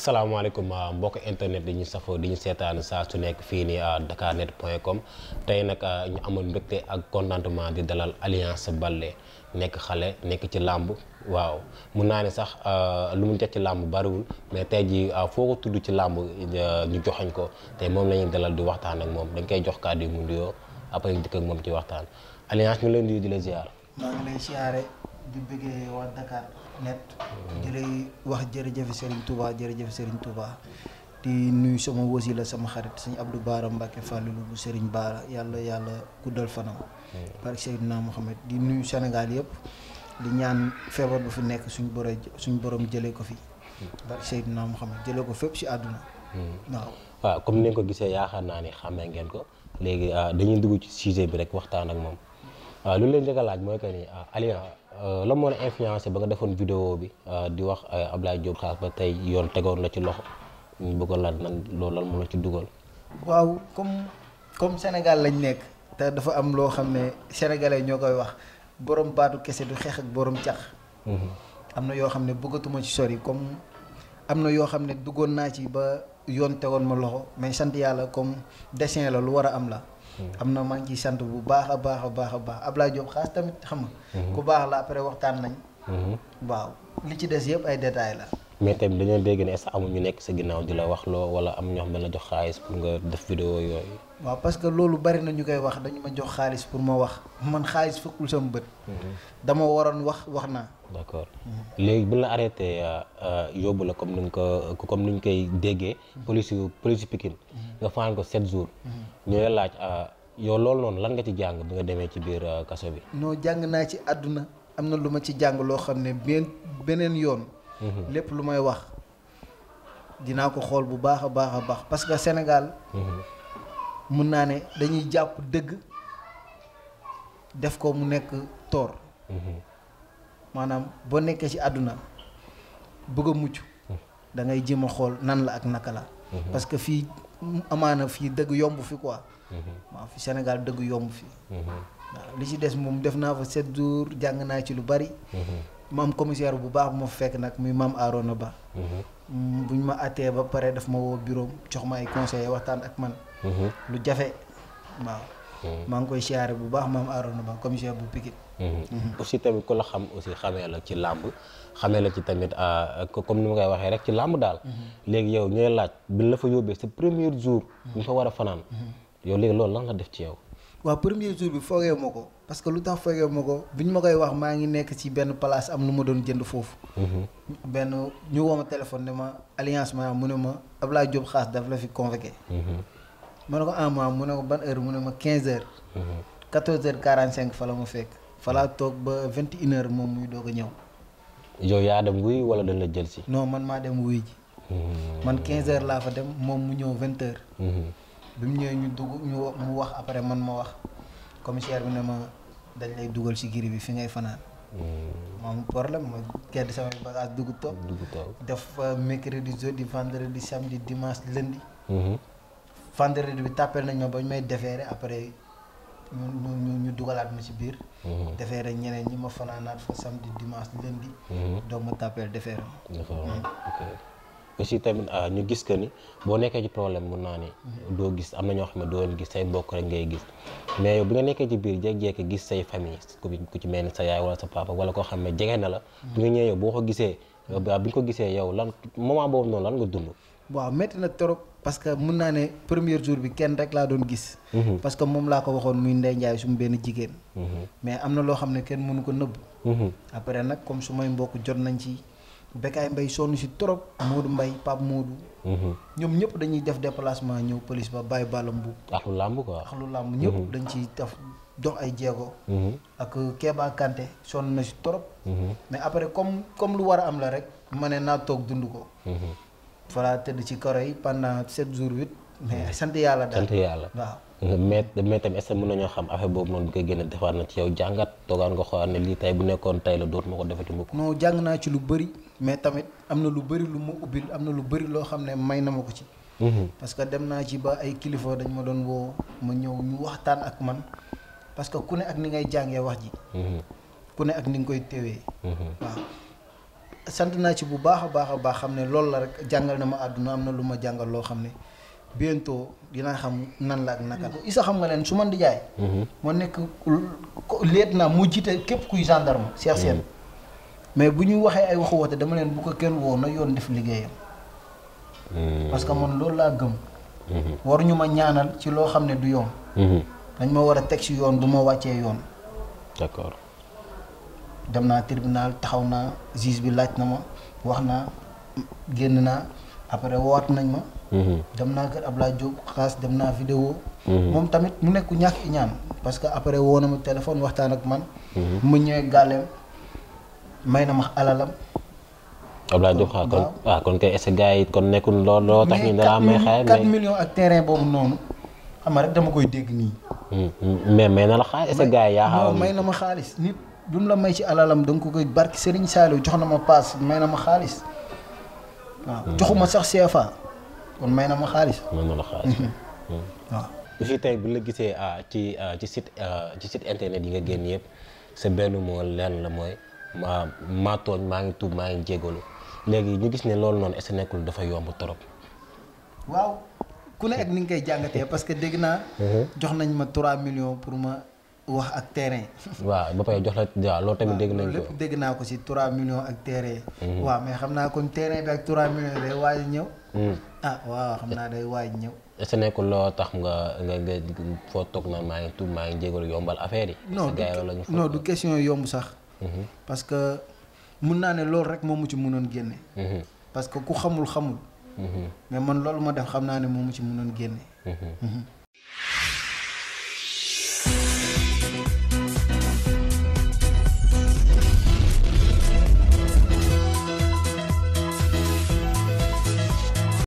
asalaamaaleykum ah, mbokk internet yi ñu safoo di ñu seetaan saa su nekk fii nii à ah, dakarnet point com tey nag ah, ñu amoon mbégte ak contentement di dalal Alliance Baldé nekk xale nekk ci làmb waaw mun naa ne sax lu mu def ci làmb bariwul mais tey jii foo ko tudd ci làmb ñu joxañ ko te moom la ñuy dalal di waxtaan ak moom dañ koy jox kàddu yi mu nuyoo après dikk ak moom ci waxtaan Alliance ñu leen di di la ziar. maa ngi lay ziare di bëggee waa Dakar. net di lay wax jërëjëf Serigne Touba jërëjëf Serigne Touba di nuyu sama wasila sama xarit sëñ Abdou Baara Mbacke Fallilou bu Serigne Baara yàlla yàlla guddal fanam. barke naa Mohamed di nuyu senegal yëpp di ñaan feebar bu fi nekk suñu borom suñ borom jëlee ko fi. barke Seydina Mohamed jëlee ko fépp si àdduna. waaw waaw comme ni ko gisee yaakaar naa ni xamee ngeen ko léegi ah, dañuy dugg ci sujet bi rek waxtaan ak moom waaw ah, lu leen njëkk a mooy que ni ah, Euh, la moo la influencé ba nga defoon vidéo bi euh, di wax euh, Ablaye Diop Khass ba tey yoon tegoon la ci loxo ñu bëgg a nag loolu lan moo la ci dugal. waaw comme comme Sénégal lañ nekk. te dafa am loo xam ne sénégalais ñoo koy wax borom baatu kese du xeex ak boroom cax. Mm-hmm. am na yoo xam ne bëggatuma ci sori comme am na yoo xam ne duggoon naa ci ba yoon tegoon ma loxo mais sant yàlla comme desin la lu war a am la. am na maa ngi ciy sant bu baax a baax a baax a baax Ablaye Diop xaas tamit xam na mhm. ku baax la après waxtaan nañ. Mhm. waaw li ci des yëpp ay détails la. mais tamit dañoo dégg ne sax amul ñu nekk sa ginnaaw di la wax loo wala am ñoo xam ne la jox xaalis pour nga def vidéo yooyu. waaw parce que loolu bari na ñu koy wax dañu ma jox xaalis pour ma wax man xaalis fekkul sama bët. Mhm. dama waroon wax wax naa. d'accord mhm. léegi bu la arrêté euh, euh, yóbbu la comme ni ñu ko comme ni ñu koy déggee. Mhm. police yu police Pikine nga fanaan ko 7 jours. ñooy laaj euh, yow loolu noonu lan nga ci jàng bi nga demee ci biir kaso bi. non jàng naa ci àdduna am na lu ma ci jàng loo xam ne benn beneen yoon. Mm-hmm. lépp lu may wax dinaa ko xool bu baax a baax a baax parce que Sénégal mm-hmm. mun naa ne dañuy jàpp dëgg def ko mu nekk toor mm-hmm. maanaam boo nekkee ci àdduna bëgg a mucc dangay ngay xool nan la ak naka la parce que fii amaana fii dëgg yomb fi quoi waaw fi Sénégal dëgg yomb fii waaw li ci des moom def naa fa sept jours jàng naa ci lu bari maam commissaire bu baax bu ma fekk nag muy maam Arona Ba. Mhm. Mm, buñ ma attee ba pare daf ma woo bureau jox ma ay conseils waxtaan ak man. Mhm. lu jafe waaw. Mhm. maa ngi koy siyaare bu baax maam Arona Ba commissaire bu Pikine. aussi tamit ku la xam aussi xamee la ci làmb xamee la ci tamit ah, comme ni ma koy waxee rek ci làmb daal. léegi yow ñooy laaj bi la fa yóbbee sa premier jour. ñu fa war a fanaan. yow léegi loolu lan la def ci yow. waaw premier jour bi foogee ma ko parce que lu tax foogee ma ko bi ñu ma koy wax maa ngi nekk ci benn place am lu ma doon jënd foofu. Mhm. benn ñu woo ma téléphone ne ma alliance ma mu ne ma ab laa Diop xaas daf la fi convoqué. Mhm. ma ne ko ah ma mu ne ko ban heure mu ne ma quinze heures. 14 mhm. heures cinq fa la ma fekk fa laa toog ba 21 heures moom muy doog a ñëw. yow yaa dem wuy wala dañ la jël si. non man maa dem wuy ji. man 15 heures laa fa dem moom mu ñëw 20 bi mu ñëwee ñu dugg ñu mu wax après man ma wax commissaire bi ne ma dañ lay dugal ci giri bi fi ngay fanaan. Hmm. moom problème ma gedd samay bagage dugg toog. dugg toog def mercredi jeudi vendredi samedi dimanche lundi. Hmm. vendredi bi tàppale nañ ma ba ñu may defeere après ñu ñu ñu dugalaat ma ci biir. Hmm. defeere ñeneen ñi ma fanaanaat fa samedi dimanche lundi. doog ma tàppale defeere ma. aussi tamit euh, ñu gis que ni boo nekkee ci problème mun naa ni doo gis am na ñoo xam ne doo leen gis say bokk rek ngay gis mais bi nga nekkee ci biir jege la bi nga ñëwee yow boo ko gisee waaw euh, bi nga ko gisee yow lan moment boobu noonu lan nga dund waaw métti na trop parce mun naa ne premier jour bi kenn rek laa doon gis mhm. parce moom laa ko waxoon muy Ndey Njaay sumu benn jigéen mhm. mais am na loo xam ne kenn mënu ko nëbb mhm. après nag comme su may mbokk jot nañ ci Bécaye mbay sonn si trop mbay Mbaye Pape Modou. Mhm. ñoom ñëpp dañuy def déplacement ñëw police ba bàyyi bàllam bu. axlu làmb quoi axlu làmb ñëpp mhm. dañ ciy def dox ay jéego. Mhm. ak Kéba Kanté sonn na si trop. mais après comme comme lu war a am la rek ma ne naa toog dund ko. voilà tëdd ci karo yi pendant sept jours huit. mais sant yàlla daal sant yàlla waaw. mais mais tamit est-ce que mën nañoo xam affaire boobu noonu bi koy génne defaat na ci yow jàngat toogaan nga xoolaat ne lii tey bu nekkoon tey la dootuma ko defati mukk. non jàng naa ci lu bëri. mais tamit am na lu bëri lu ma ubbil am na lu bari loo xam ne may na ma ko ci. Mhm. parce que dem naa ci ba ay kilifa dañ ma doon woo ma ñëw ñu waxtaan ak man parce que ku ne ak ni ngay jàngee wax ji. Mhm. ku ne ak ni nga koy téwee mhm. sant naa ci bu baax a baax a baax xam ne loolu la rek jàngal na ma àdduna am na lu ma jàngal loo xam ne bientôt dinaa xam nan la ak naka la. isa xam nga leen su man di jaay. moo nekk leet naa mu jiite képp kuy gendarme. Cheikh Sène. mais bu ñu waxee ay waxu woote dama leen bu ko kenn woo na yoon def liggéeyam. Hmm. parce que man loolu laa gëm. Hmm. waruñu ma ñaanal ci loo xam ne du yoon. Hmm. dañ ma war a teg ci yoon bu ma wàccee yoon. d'accord. dem naa tribunal taxaw naa juge bi laaj na ma wax naa génn naa après woowaat nañ ma. dem naa kër laa Diop xaas dem naa vidéo. moom tamit mu nekku ñàkk i ñaan parce que après woo na ma téléphone waxtaan ak man. mu ñëwee may na ma alalam. Abdoulaye Diouf ah kon waa ah, kon kay est yi kon nekkul lool loo tax ñu dara may xaar mais 4 millions ak terrain boobu noonu xam rek dama koy dégg nii. Hmm, hmm, mais may na la xaalis est yaa xaw may na ma xaalis nit la may ci alalam da nga ko koy barki Serigne jox na ma paas may xaalis hmm. joxuma sax CFA kon may na ma xaalis. may na la xaalis waaw. aussi tey bu la gisee ah, ci ah, ci site ci site internet yi nga génn yëpp sa benn moo lenn la mooy. maa maa tooñ maa ngi tuub maa ngi jégalu léegi ñu gis ne loolu noonu est ce nekkul dafa yomb trop. waaw ku ne ak ni nga koy jàngatee parce que dégg naa. Mhm. jox nañ ma 3 millions pour ma wax ak terrain. waaw ba pay jox la waaw loolu tamit dégg nañ ko naa ko si 3 millions ak terrain. Mhm. waaw mais xam naa kon terrain bi ak 3 millions day waaj ñëw. Mhm. ah waaw xam naa day waaj ñëw. est nekkul loo tax nga nga nga foo toog na maa ngi tuub maa ngi jégalu yombal affaire yi. non parce que mun naa ne loolu rek moom mu ci munoon génne. Mhm. parce que ku xamul xamul. Mhm. mais man loolu ma def xam naa ne moom mu ci munoon génne. Mhm.